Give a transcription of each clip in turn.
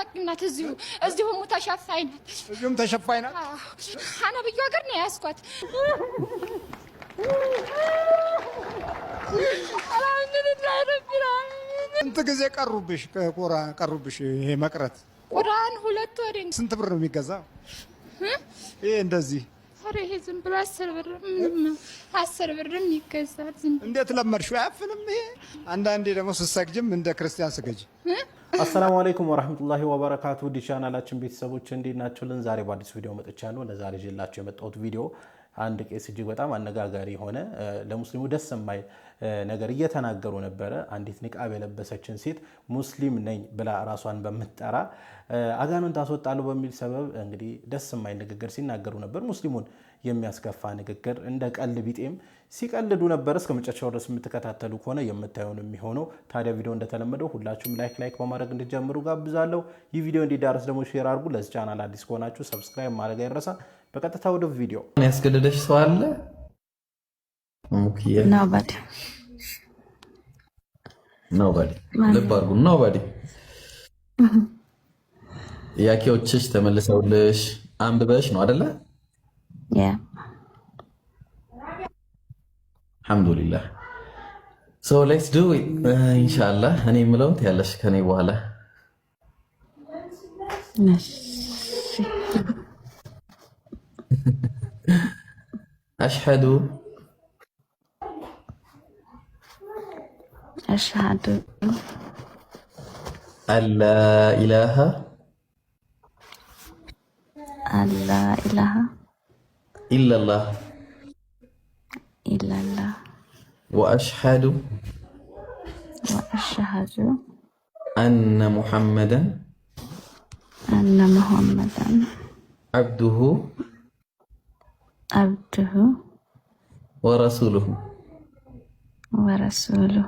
ታላቅም ናት። እዚሁ እዚሁም ተሸፋኝ ናት። እዚሁም ተሸፋኝ ናት። ሀነብዩ ሀገር ነው የያዝኳት። ስንት ጊዜ ቀሩብሽ? ቁራ ቀሩብሽ? ይሄ መቅረት ቁራን ሁለት ወሬ። ስንት ብር ነው የሚገዛ? ይሄ እንደዚህ ይሄ ዝም ብሎ አስር ብር አስር ብርም ይገዛል። እንዴት ለመድሽው? አያፍንም ይሄ አንዳንዴ ደግሞ ስትሰግጂም እንደ ክርስቲያን ስገጂ አሰላሙ አለይኩም ወራህመቱላሂ ወበረካቱ። ዲቻናላችን ቤተሰቦች እንዴት ናችሁልን? ዛሬ በአዲስ ቪዲዮ መጥቻለሁ። ለዛሬ ይዤላችሁ የመጣሁት ቪዲዮ አንድ ቄስ እጅግ በጣም አነጋጋሪ የሆነ ለሙስሊሙ ደስ የማይል ነገር እየተናገሩ ነበረ። አንዲት ንቃብ የለበሰችን ሴት ሙስሊም ነኝ ብላ ራሷን በምትጠራ አጋንንት አስወጣለሁ በሚል ሰበብ እንግዲህ ደስ የማይ ንግግር ሲናገሩ ነበር። ሙስሊሙን የሚያስከፋ ንግግር እንደ ቀል ቢጤም ሲቀልዱ ነበር። እስከ መጨረሻው ድረስ የምትከታተሉ ከሆነ የምታየውን የሚሆነው። ታዲያ ቪዲዮ እንደተለመደው ሁላችሁም ላይክ ላይክ በማድረግ እንድጀምሩ ጋብዛለሁ። ይህ ቪዲዮ እንዲዳረስ ደግሞ ሼር አድርጉ። ለዚህ ቻናል አዲስ ከሆናችሁ ሰብስክራይብ ማድረግ አይረሳ። በቀጥታ ወደ ቪዲዮ ያስገደደሽ ሰው አለ ልብ አድርጉ። ናውባዲ ጥያቄዎችሽ ተመልሰውልሽ አንብበሽ ነው አደለ? አልሐምዱሊላህ ሶ ሌትስ ዱ ኢንሻላህ። እኔ የምለውን ያለሽ ከኔ በኋላ أشهد أشهد أن لا إله أن لا إله إلا الله إلا الله وأشهد وأشهد أن محمدا أن محمدا عبده አብድሁ ወረሱሉሁ ወረሱሉሁ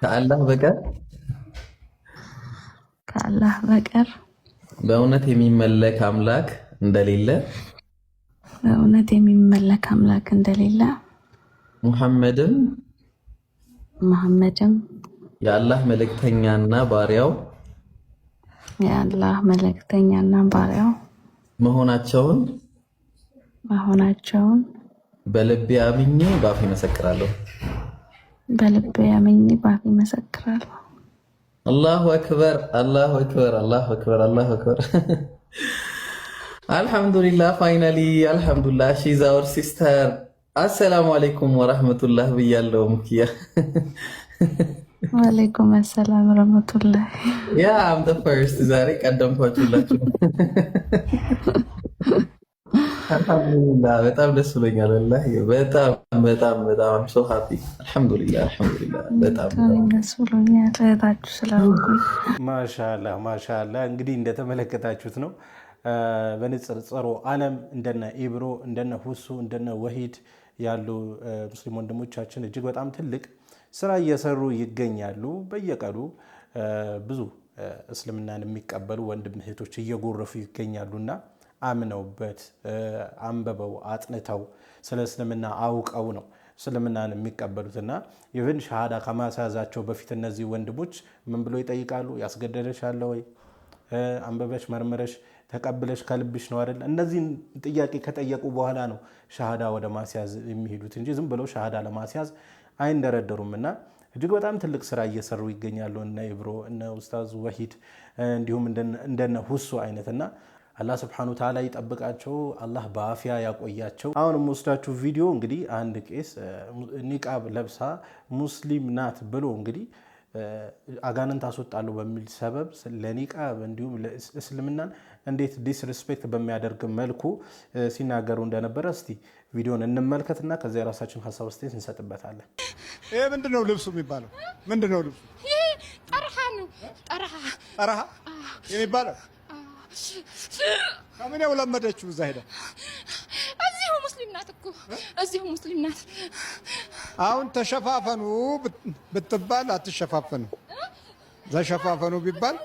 ከአላህ በቀር ከአላህ በቀር በእውነት የሚመለክ አምላክ እንደሌለ በእውነት የሚመለክ አምላክ እንደሌለ ሙሐመድም መሐመድም የአላህ መልእክተኛና ባሪያው የአላህ መልእክተኛና ባሪያው መሆናቸውን መሆናቸውን በልቤ አምኜ ባፍ ይመሰክራለሁ። በልቤ አምኜ ባፍ ይመሰክራለሁ። አላሁ አክበር፣ አላሁ አክበር፣ አላሁ አክበር፣ አላሁ አክበር። አልሐምዱሊላህ ፋይናሊ አልሐምዱሊላህ ሺዝ አወር ሲስተር። አሰላሙ አለይኩም ወረህመቱላህ ብያለው። ሙክያ ወአለይኩም አሰላም ረህመቱላህ። ያ አም ፈርስት ዛሬ ቀደምኳችሁላችሁ። አልሐምዱሊላህ በጣም ደስ ብሎኛል። ወላሂ በጣም በጣም በጣም ሶ ሀፒ አልሐምዱሊላህ አልሐምዱሊላህ በጣም ደስ ብሎኛል እህታችሁ ስለሆንኩኝ። ማሻአላህ ማሻአላህ። እንግዲህ እንደተመለከታችሁት ነው በንጽጽሩ ዓለም እንደነ ኢብሮ እንደነ ሁሱ እንደነ ወሂድ ያሉ ሙስሊም ወንድሞቻችን እጅግ በጣም ትልቅ ስራ እየሰሩ ይገኛሉ። በየቀኑ ብዙ እስልምናን የሚቀበሉ ወንድም እህቶች እየጎረፉ ይገኛሉና አምነውበት አንበበው አጥንተው ስለ እስልምና አውቀው ነው እስልምናን የሚቀበሉትና ይህን ሻሃዳ ከማስያዛቸው በፊት እነዚህ ወንድሞች ምን ብሎ ይጠይቃሉ? ያስገደደሽ አለ ወይ? አንበበሽ፣ መርምረሽ ተቀብለሽ ከልብሽ ነው አይደል? እነዚህን ጥያቄ ከጠየቁ በኋላ ነው ሻሃዳ ወደ ማስያዝ የሚሄዱት እንጂ ዝም ብለው ሻሃዳ ለማስያዝ አይንደረደሩም እና እጅግ በጣም ትልቅ ስራ እየሰሩ ይገኛሉ። እነ ኢብሮ እነ ኡስታዝ ወሂድ እንዲሁም እንደነ ሁሱ አይነትና አላህ ስብሐነሁ ወተዓላ ይጠብቃቸው፣ አላህ በአፊያ ያቆያቸው። አሁን የምወስዳችሁ ቪዲዮ እንግዲህ አንድ ቄስ ኒቃብ ለብሳ ሙስሊም ናት ብሎ እንግዲህ አጋንንት አስወጣለሁ በሚል ሰበብ ለኒቃብ እንዲሁም እስልምናን እንዴት ዲስሪስፔክት በሚያደርግ መልኩ ሲናገሩ እንደነበረ እስቲ ቪዲዮን እንመልከትና ከዚያ የራሳችን ሀሳብ ስቴት እንሰጥበታለን። ይሄ ምንድን ነው ልብሱ የሚባለው? ምንድን ነው ልብሱ? ይሄ ጠርሃ ነው። ጠርሃ ጠርሃ የሚባለው ከምን ያው ለመደችው? እዛ ሄደ። እዚሁ ሙስሊም ናት እኮ እዚሁ ሙስሊም ናት። አሁን ተሸፋፈኑ ብትባል አትሸፋፈኑ፣ ተሸፋፈኑ ቢባል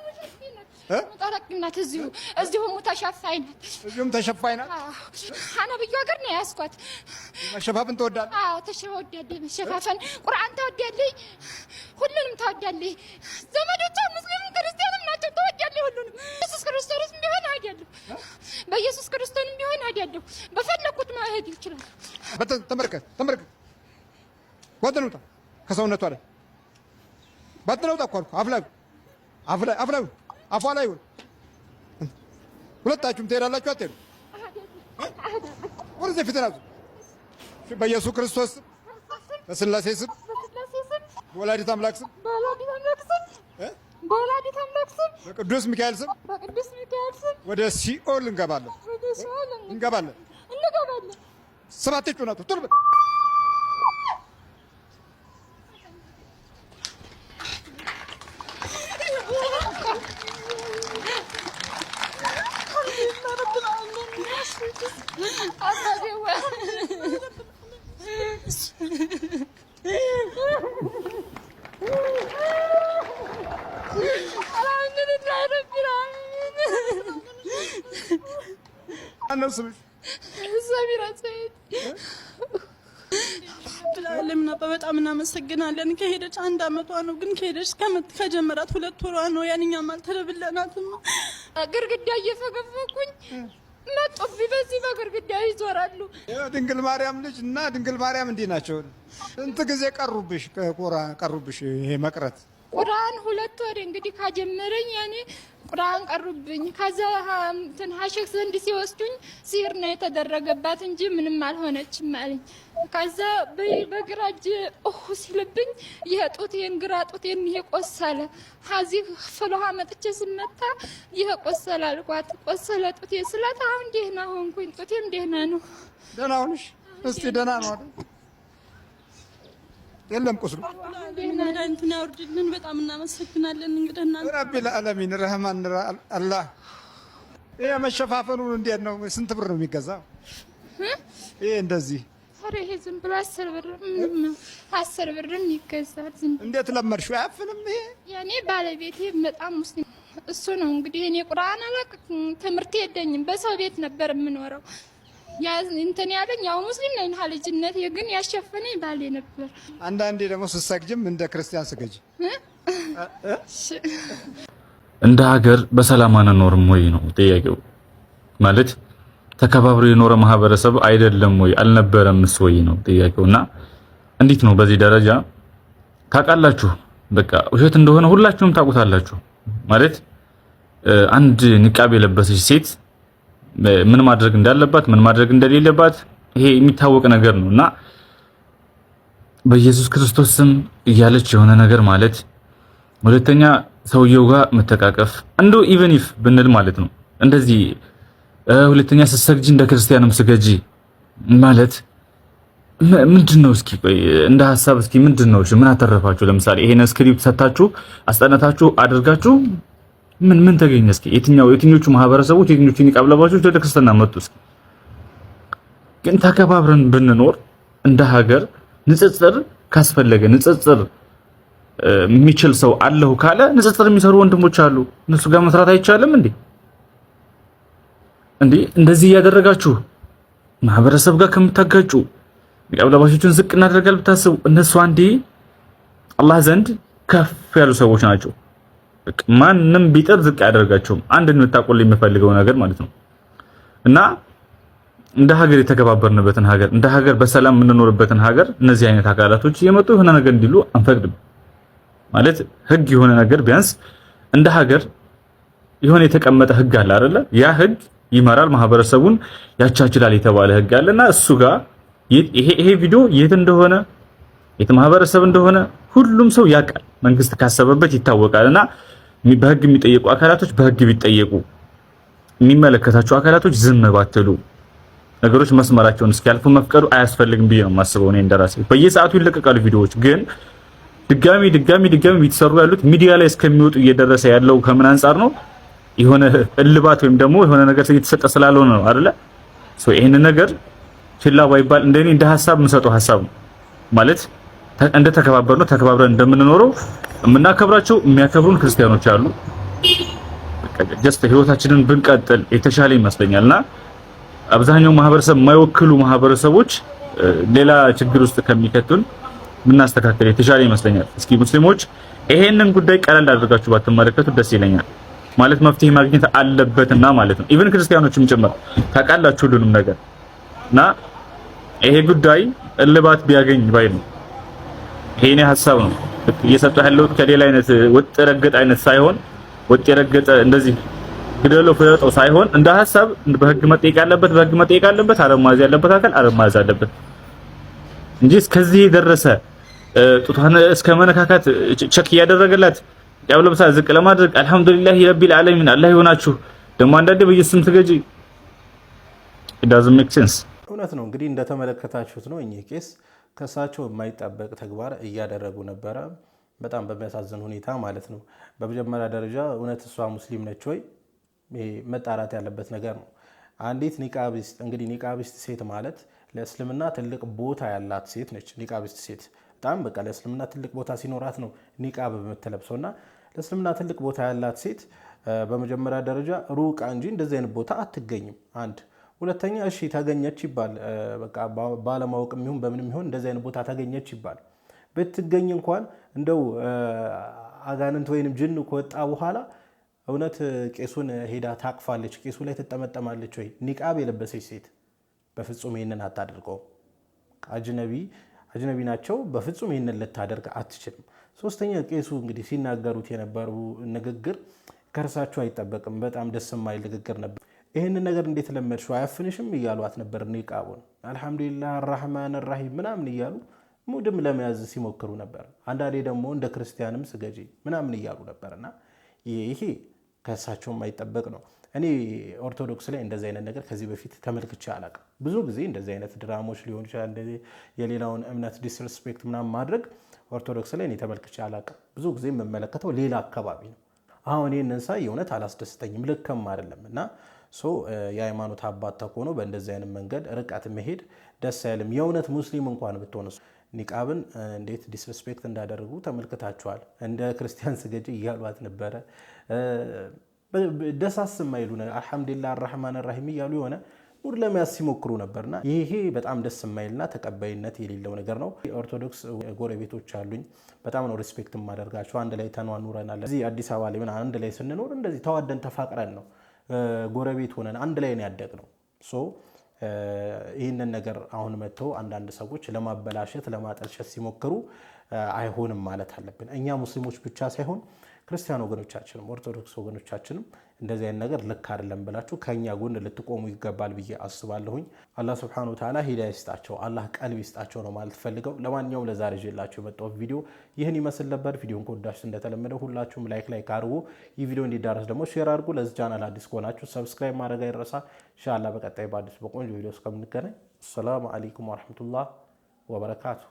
ሙጠረቂም ናት። እዚሁ እዚሁም ተሸፋኝ ናት። እዚሁም ተሸፋይ ናት። ብዩ ሀገር ነው ያስኳት። መሸፋፈን ትወዳለህ? አዎ ተሸፋፈን። ቁርአን ተወዳለህ? ሁሉንም ተወዳለህ? ዘመዶቿ ሁሉንም ኢየሱስ ክርስቶስ ቢሆን እሄዳለሁ። በኢየሱስ ክርስቶስ ቢሆን እሄዳለሁ። በፈለኩት መሄድ ይችላል። ተመልከት ተመልከት። ባትነውጣ ከሰውነቷ ላይ ባትነውጣ እኮ አልኩህ። አፍ ላይ አፍ ላይ አፏ ላይ ይሁን። ሁለታችሁም ትሄዳላችሁ። አትሄዱ ወደዚህ ፊት ናዙ በኢየሱስ ክርስቶስ በስላሴ ስም በወላዲት አምላክ ስም በወላዲተ አምላክ ስም በቅዱስ ሚካኤል ስም በቅዱስ ሚካኤል ስም ወደ ሲኦል እንገባለን እንገባለን እንገባለን። ሰባት ጩኸት ቱልበት እናስብሽ። እግዚአብሔር በጣም እናመሰግናለን። ከሄደች አንድ አመቷ ነው፣ ግን ከሄደች ከጀመራት ሁለት ወሯ ነው። ያንኛም አልተደብለናትም። ግርግዳ እየፈገፈኩኝ መጡብኝ። በዚህ በግርግዳ ይዞራሉ። ድንግል ማርያም ልጅ እና ድንግል ማርያም እንዲህ ናቸው። ስንት ጊዜ ቀሩብሽ፣ ቀሩብሽ ይሄ መቅረት ቁርአን ሁለት ወር እንግዲህ ካጀመረኝ ያኔ ቁርአን ቀሩብኝ። ከዛ እንትን ሀሸክ ዘንድ ሲወስዱኝ ሲር ነው የተደረገባት እንጂ ምንም አልሆነችም አለኝ። ከዛ በግራ እጅ ኦሁ ሲልብኝ የጡቴን ግራ ጡቴን ይሄ ቆሰለ። ሀዚህ ፍሎሃ መጥቼ ስመታ ይሄ ቆሰለ አልኳት። ቆሰለ ጡቴ ስላት አሁን ደህና ሆንኩኝ። ጡቴም ደህና ነው። ደህና ሁንሽ? እስቲ ደህና ነው አይደል? የለም ቁስሉ መድኃኒቱን ያውርድልን። በጣም እናመሰግናለን። እንግዲህ ረቢል ረህማን አላህ ይሄ መሸፋፈኑ እንዴት ነው? ስንት ብር ነው የሚገዛው? ይሄ እንደዚህ ይሄ ዝም ብሎ አስር ብር አስር ብር ይገዛል። ዝም እንዴት ለመድሽው? አያፍልም። ይሄ የእኔ ባለቤቴ በጣም ሙስሊም እሱ ነው እንግዲህ እኔ ቁርአን አላውቅም፣ ትምህርት የለኝም። በሰው ቤት ነበር የምኖረው እንትን ያለኝ ያው ሙስሊም ነኝ፣ ልጅነት ግን ያሸፈነኝ ባሌ ነበር። አንዳንዴ ደግሞ ስትሰግጂም እንደ ክርስቲያን ስገጅ። እንደ ሀገር በሰላም አንኖርም ወይ ነው ጥያቄው። ማለት ተከባብሮ የኖረ ማህበረሰብ አይደለም ወይ አልነበረምስ ወይ ነው እና እንዴት ነው በዚህ ደረጃ ታውቃላችሁ? በቃ ውሸት እንደሆነ ሁላችሁም ታውቁታላችሁ። ማለት አንድ ንቃብ የለበሰች ሴት ምን ማድረግ እንዳለባት ምን ማድረግ እንደሌለባት ይሄ የሚታወቅ ነገር ነው እና በኢየሱስ ክርስቶስ ስም እያለች የሆነ ነገር ማለት፣ ሁለተኛ ሰውየው ጋር መተቃቀፍ አንዱ ኢቨን ኢፍ ብንል ማለት ነው እንደዚህ ሁለተኛ ስትሰግጂ እንደ ክርስቲያንም ስገጂ ማለት ምንድን ነው? እስኪ እንደ ሀሳብ እስኪ ምንድን ነው? ምን አተረፋችሁ? ለምሳሌ ይሄን ስክሪፕት ሰታችሁ አስጠነታችሁ አድርጋችሁ ምን ምን ተገኘ? እስኪ የትኛው የትኞቹ ማህበረሰቦች የትኞቹ ኒቃብ ለባሾች ወደ ክርስትና መጡ? እስኪ ግን ተከባብረን ብንኖር እንደ ሀገር ንጽጽር ካስፈለገ ንጽጽር የሚችል ሰው አለሁ ካለ ንጽጽር የሚሰሩ ወንድሞች አሉ። እነሱ ጋር መስራት አይቻልም እንዴ? እንዴ እንደዚህ እያደረጋችሁ ማህበረሰብ ጋር ከምታጋጩ ኒቃብ ለባሾችን ዝቅ እናደርጋል ብታስቡ እነሱ አንዴ አላህ ዘንድ ከፍ ያሉ ሰዎች ናቸው። ማንም ቢጥር ዝቅ አያደርጋቸውም። አንድ እንድታቆልኝ የምፈልገው ነገር ማለት ነው እና እንደ ሀገር የተከባበርንበትን ሀገር እንደ ሀገር በሰላም የምንኖርበትን ሀገር እነዚህ አይነት አካላቶች እየመጡ የሆነ ነገር እንዲሉ አንፈቅድም። ማለት ህግ የሆነ ነገር ቢያንስ እንደ ሀገር የሆነ የተቀመጠ ህግ አለ አይደለ? ያ ህግ ይመራል ማህበረሰቡን ያቻችላል የተባለ ህግ አለና እሱ ጋር ይሄ ይሄ ቪዲዮ የት እንደሆነ የት ማህበረሰብ እንደሆነ ሁሉም ሰው ያውቃል። መንግስት ካሰበበት ይታወቃልና በህግ የሚጠየቁ አካላቶች በህግ ቢጠየቁ የሚመለከታቸው አካላቶች ዝም ባትሉ ነገሮች መስመራቸውን እስኪያልፉ መፍቀዱ አያስፈልግም ብዬ ነው የማስበው። እኔ እንደራሴ በየሰዓቱ ይለቀቃሉ ቪዲዮዎች፣ ግን ድጋሚ ድጋሚ ድጋሚ የተሰሩ ያሉት ሚዲያ ላይ እስከሚወጡ እየደረሰ ያለው ከምን አንጻር ነው? የሆነ እልባት ወይም ደግሞ የሆነ ነገር እየተሰጠ ስላልሆነ ነው አይደለ? ይህንን ነገር ችላ ባይባል እንደኔ እንደ ሀሳብ የምሰጠው ሀሳብ ነው ማለት እንደ ተከባበር ነው ተከባብረን እንደምንኖረው የምናከብራቸው የሚያከብሩን ክርስቲያኖች አሉ። ጀስት ህይወታችንን ብንቀጥል የተሻለ ይመስለኛልና አብዛኛው ማህበረሰብ የማይወክሉ ማህበረሰቦች ሌላ ችግር ውስጥ ከሚከቱን ብናስተካከል የተሻለ ይመስለኛል። እስኪ ሙስሊሞች ይሄንን ጉዳይ ቀለል አድርጋችሁ ባትመለከቱ ደስ ይለኛል። ማለት መፍትሄ ማግኘት አለበትና ማለት ነው። ኢቭን ክርስቲያኖችም ጭምር ታውቃላችሁ ሁሉንም ነገር እና ይሄ ጉዳይ እልባት ቢያገኝ ባይ ነው። ይሄኔ ሀሳብ ነው እየሰጠ ያለው ከሌላ አይነት ወጥ ረገጥ አይነት ሳይሆን ወጥ የረገጠ እንደዚህ ግደለው ፍረጠው ሳይሆን እንደ ሀሳብ በህግ መጠየቅ ያለበት በህግ መጠየቅ ያለበት አለማዝ ያለበት አካል አለማዝ አለበት እንጂ እስከዚህ የደረሰ ጡቷን እስከ መነካካት ቸክ እያደረገላት ያው ለብሳ ዝቅ ለማድረግ አልহামዱሊላሂ ረቢል ዓለሚን አላህ ይሆናችሁ ደግሞ አንዳንዴ በየስም ትገጂ it ሜክ ሴንስ እውነት ነው እንግዲህ እንደተመለከታችሁት ነው እኚህ ቄስ ከእሳቸው የማይጠበቅ ተግባር እያደረጉ ነበረ። በጣም በሚያሳዝን ሁኔታ ማለት ነው። በመጀመሪያ ደረጃ እውነት እሷ ሙስሊም ነች ወይ? መጣራት ያለበት ነገር ነው። አንዲት ኒቃቢስት እንግዲህ ኒቃቢስት ሴት ማለት ለእስልምና ትልቅ ቦታ ያላት ሴት ነች። ኒቃቢስት ሴት በጣም በቃ ለእስልምና ትልቅ ቦታ ሲኖራት ነው ኒቃብ የምትለብሰው እና ለእስልምና ትልቅ ቦታ ያላት ሴት በመጀመሪያ ደረጃ ሩቃ እንጂ እንደዚህ አይነት ቦታ አትገኝም። አንድ ሁለተኛ እሺ ተገኘች ይባል በቃ ባለማወቅ የሚሆን በምንም ይሆን እንደዚህ አይነት ቦታ ተገኘች ይባል። ብትገኝ እንኳን እንደው አጋንንት ወይንም ጅን ከወጣ በኋላ እውነት ቄሱን ሄዳ ታቅፋለች፣ ቄሱ ላይ ትጠመጠማለች ወይ? ኒቃብ የለበሰች ሴት በፍጹም ይህንን አታደርገው። አጅነቢ አጅነቢ ናቸው። በፍጹም ይህንን ልታደርግ አትችልም። ሶስተኛ ቄሱ እንግዲህ ሲናገሩት የነበሩ ንግግር ከእርሳቸው አይጠበቅም። በጣም ደስ የማይል ንግግር ነበር። ይህንን ነገር እንዴት ለመድሽው አያፍንሽም እያሏት ነበር። ኒቃቡን አልሐምዱሊላህ አራህማን ራሂም ምናምን እያሉ ሙድም ለመያዝ ሲሞክሩ ነበር። አንዳንዴ ደግሞ እንደ ክርስቲያንም ስገጂ ምናምን እያሉ ነበርና ይሄ ከእሳቸው የማይጠበቅ ነው። እኔ ኦርቶዶክስ ላይ እንደዚህ አይነት ነገር ከዚህ በፊት ተመልክቼ አላቅም። ብዙ ጊዜ እንደዚህ አይነት ድራሞች ሊሆን ይችላል፣ የሌላውን እምነት ዲስሪስፔክት ምናምን ማድረግ ኦርቶዶክስ ላይ እኔ ተመልክቼ አላቅም። ብዙ ጊዜ የምመለከተው ሌላ አካባቢ ነው። አሁን ይህንን ሳይ የእውነት አላስደስተኝም፣ ልክም አይደለም እና ሶ የሃይማኖት አባት ተኮኖ በእንደዚህ አይነት መንገድ ርቀት መሄድ ደስ አይልም። የእውነት ሙስሊም እንኳን ብትሆን ኒቃብን እንዴት ዲስሪስፔክት እንዳደረጉ ተመልክታችኋል። እንደ ክርስቲያን ስገጂ እያሏት ነበረ። ደሳስ የማይሉ አልሐምዱሊላህ አራህማን ራሂም እያሉ የሆነ ሙድ ለመያዝ ሲሞክሩ ነበርና ይሄ በጣም ደስ የማይልና ተቀባይነት የሌለው ነገር ነው። ኦርቶዶክስ ጎረቤቶች አሉኝ። በጣም ነው ሪስፔክት የማደርጋቸው። አንድ ላይ ተኗኑረናል። እዚህ አዲስ አበባ ላይ አንድ ላይ ስንኖር እንደዚህ ተዋደን ተፋቅረን ነው ጎረቤት ሆነን አንድ ላይ ነው ያደግነው። ሶ ይህንን ነገር አሁን መጥተው አንዳንድ ሰዎች ለማበላሸት ለማጠልሸት ሲሞክሩ አይሆንም ማለት አለብን። እኛ ሙስሊሞች ብቻ ሳይሆን ክርስቲያን ወገኖቻችንም ኦርቶዶክስ ወገኖቻችንም እንደዚህ አይነት ነገር ልክ አይደለም ብላችሁ ከእኛ ጎን ልትቆሙ ይገባል ብዬ አስባለሁኝ። አላህ ስብሐነሁ ወተዓላ ሂዳያ ይስጣቸው፣ አላህ ቀልብ ይስጣቸው ነው ማለት ፈልገው። ለማንኛውም ለዛሬ ይዤላችሁ የመጣሁት ቪዲዮ ይህን ይመስል ነበር። ቪዲዮን ከወዳችሁ እንደተለመደ ሁላችሁም ላይክ ላይ አድርጉ። ይህ ቪዲዮ እንዲዳረስ ደግሞ ሼር አድርጉ። ለዚህ ቻናል አዲስ ከሆናችሁ ሰብስክራይብ ማድረግ አይረሳ። ኢንሻላህ በቀጣይ በአዲስ በቆንጆ ቪዲዮ እስከምንገናኝ አሰላሙ አለይኩም ወረሕመቱላህ ወበረካቱ።